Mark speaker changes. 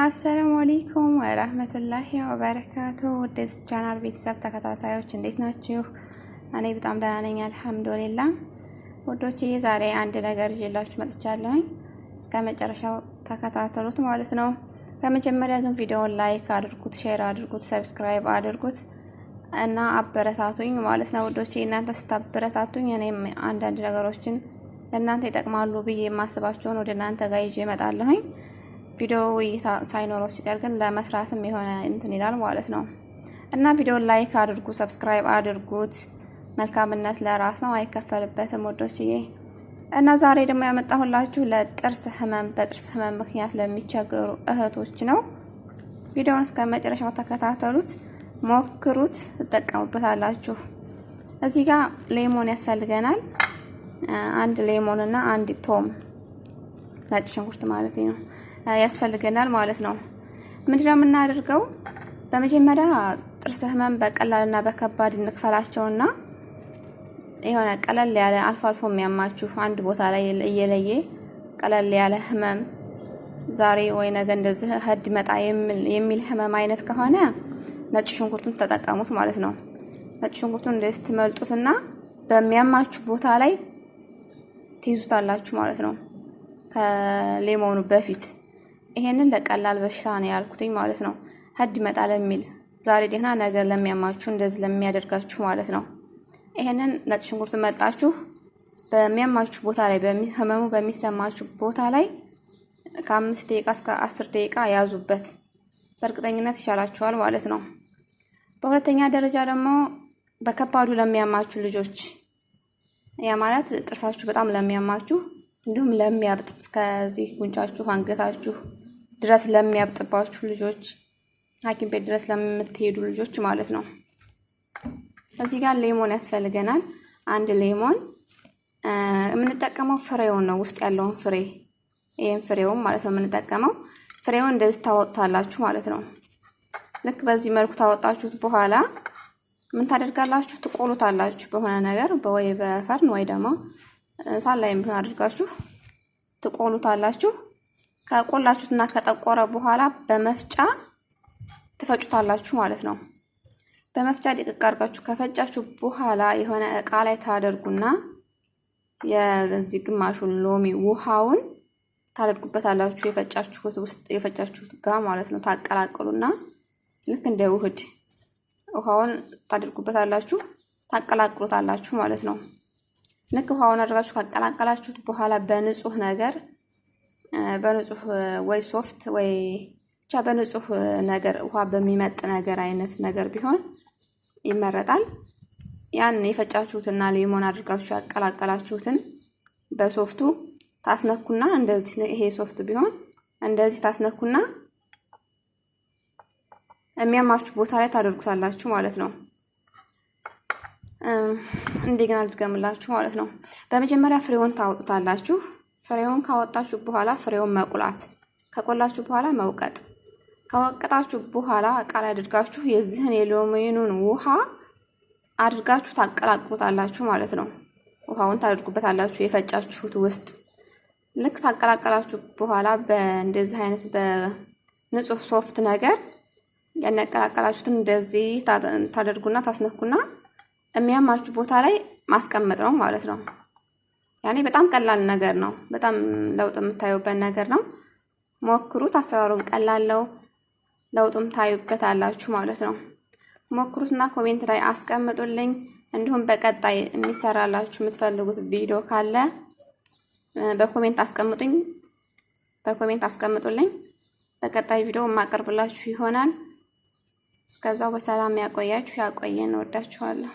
Speaker 1: አሰላሙ አሌይኩም ወረህመቱላሂ ወበረካቱ ወደዚ ቻናል ቤተሰብ ተከታታዮች እንዴት ናችሁ? እኔ በጣም ደህና ነኝ አልሐምዱሊላ። ውዶቼ ዛሬ አንድ ነገር ይዤላችሁ መጥቻለሁኝ። እስከ መጨረሻው ተከታተሉት ማለት ነው። በመጀመሪያ ግን ቪዲዮውን ላይክ አድርጉት፣ ሼር አድርጉት፣ ሰብስክራይብ አድርጉት እና አበረታቱኝ ማለት ነው ውዶቼ። እናንተ ስታበረታቱኝ እኔም አንዳንድ ነገሮችን ለእናንተ ይጠቅማሉ ብዬ የማስባቸውን ወደ እናንተ ጋር ይዤ እመጣለሁኝ። ቪዲዮ ሳይኖረው ሲቀር ግን ለመስራትም የሆነ እንትን ይላል ማለት ነው። እና ቪዲዮ ላይክ አድርጉ፣ ሰብስክራይብ አድርጉት። መልካምነት ለራስ ነው፣ አይከፈልበትም ወዶችዬ። እና ዛሬ ደግሞ ያመጣሁላችሁ ለጥርስ ህመም በጥርስ ህመም ምክንያት ለሚቸገሩ እህቶች ነው። ቪዲዮውን እስከ መጨረሻው ተከታተሉት፣ ሞክሩት፣ ትጠቀሙበታላችሁ። እዚህ ጋር ሌሞን ያስፈልገናል። አንድ ሌሞን እና አንድ ቶም፣ ነጭ ሽንኩርት ማለት ነው። ያስፈልገናል ማለት ነው። ምንድነው የምናደርገው? በመጀመሪያ ጥርስ ህመም በቀላልና በከባድ እንክፈላቸውና የሆነ ቀለል ያለ አልፎ አልፎ የሚያማችሁ አንድ ቦታ ላይ እየለየ ቀለል ያለ ህመም ዛሬ ወይ ነገ እንደዚህ ህድ መጣ የሚል ህመም አይነት ከሆነ ነጭ ሽንኩርቱን ተጠቀሙት ማለት ነው። ነጭ ሽንኩርቱን እንደዚህ ትመልጡትና በሚያማችሁ ቦታ ላይ ትይዙታላችሁ ማለት ነው ከሌሞኑ በፊት ይሄንን ለቀላል በሽታ ነው ያልኩትኝ ማለት ነው። ህድ ይመጣል የሚል ዛሬ ደህና ነገር ለሚያማችሁ እንደዚህ ለሚያደርጋችሁ ማለት ነው። ይሄንን ነጭ ሽንኩርት መልጣችሁ በሚያማችሁ ቦታ ላይ ህመሙ በሚሰማችሁ ቦታ ላይ ከአምስት ደቂቃ እስከ አስር ደቂቃ ያዙበት። በእርግጠኝነት ይሻላችኋል ማለት ነው። በሁለተኛ ደረጃ ደግሞ በከባዱ ለሚያማችሁ ልጆች ያ ማለት ጥርሳችሁ በጣም ለሚያማችሁ እንዲሁም ለሚያብጥ እስከዚህ ጉንጫችሁ፣ አንገታችሁ ድረስ ለሚያብጥባችሁ ልጆች ሐኪም ቤት ድረስ ለምትሄዱ ልጆች ማለት ነው። እዚህ ጋር ሌሞን ያስፈልገናል። አንድ ሌሞን የምንጠቀመው ፍሬውን ነው፣ ውስጥ ያለውን ፍሬ ይህም ፍሬውን ማለት ነው የምንጠቀመው። ፍሬውን እንደዚህ ታወጡታላችሁ ማለት ነው። ልክ በዚህ መልኩ ታወጣችሁት በኋላ ምን ታደርጋላችሁ? ትቆሉታላችሁ በሆነ ነገር ወይ በፈርን ወይ ደግሞ ሳን ላይም አድርጋችሁ ትቆሉታላችሁ። ከቆላችሁትና ከጠቆረ በኋላ በመፍጫ ትፈጩታላችሁ ማለት ነው። በመፍጫ ድቅቅ አድርጋችሁ ከፈጫችሁ በኋላ የሆነ እቃ ላይ ታደርጉና የዚህ ግማሹን ሎሚ ውሃውን ታደርጉበታላችሁ የፈጫችሁት ውስጥ የፈጫችሁት ጋር ማለት ነው። ታቀላቅሉና ልክ እንደ ውህድ ውሃውን ታደርጉበታላችሁ ታቀላቅሉታላችሁ ማለት ነው። ልክ ውሃውን አድርጋችሁ ካቀላቀላችሁት በኋላ በንጹህ ነገር በንጹህ ወይ ሶፍት ወይ ብቻ በንጹህ ነገር ውሃ በሚመጥ ነገር አይነት ነገር ቢሆን ይመረጣል። ያን የፈጫችሁትና ሊሞን አድርጋችሁ ያቀላቀላችሁትን በሶፍቱ ታስነኩና እንደዚህ ይሄ ሶፍት ቢሆን እንደዚህ ታስነኩና የሚያማችሁ ቦታ ላይ ታደርጉታላችሁ ማለት ነው። እንደገና ልትገምላችሁ ማለት ነው። በመጀመሪያ ፍሬውን ታወጡታላችሁ። ፍሬውን ካወጣችሁ በኋላ ፍሬውን መቁላት፣ ከቆላችሁ በኋላ መውቀጥ። ከወቀጣችሁ በኋላ እቃ አድርጋችሁ የዚህን የሎሚኑን ውሃ አድርጋችሁ ታቀላቅሉታላችሁ ማለት ነው። ውሃውን ታደርጉበታላችሁ የፈጫችሁት ውስጥ ልክ ታቀላቀላችሁ በኋላ በእንደዚህ አይነት በንጹህ ሶፍት ነገር ያነቀላቀላችሁትን እንደዚህ ታደርጉና ታስነኩና የሚያማችሁ ቦታ ላይ ማስቀመጥ ነው ማለት ነው። ያኔ በጣም ቀላል ነገር ነው። በጣም ለውጥ የምታዩበት ነገር ነው። ሞክሩት። አሰራሩም ነው ለውጡም ታዩበት አላችሁ ማለት ነው። ሞክሩትና ኮሜንት ላይ አስቀምጡልኝ። እንዲሁም በቀጣይ የሚሰራላችሁ የምትፈልጉት ቪዲዮ ካለ በኮሜንት አስቀምጡኝ በኮሜንት አስቀምጡልኝ። በቀጣይ ቪዲዮ የማቀርብላችሁ ይሆናል። እስከዛው በሰላም ያቆያችሁ፣ ያቆየን። እወዳችኋለሁ።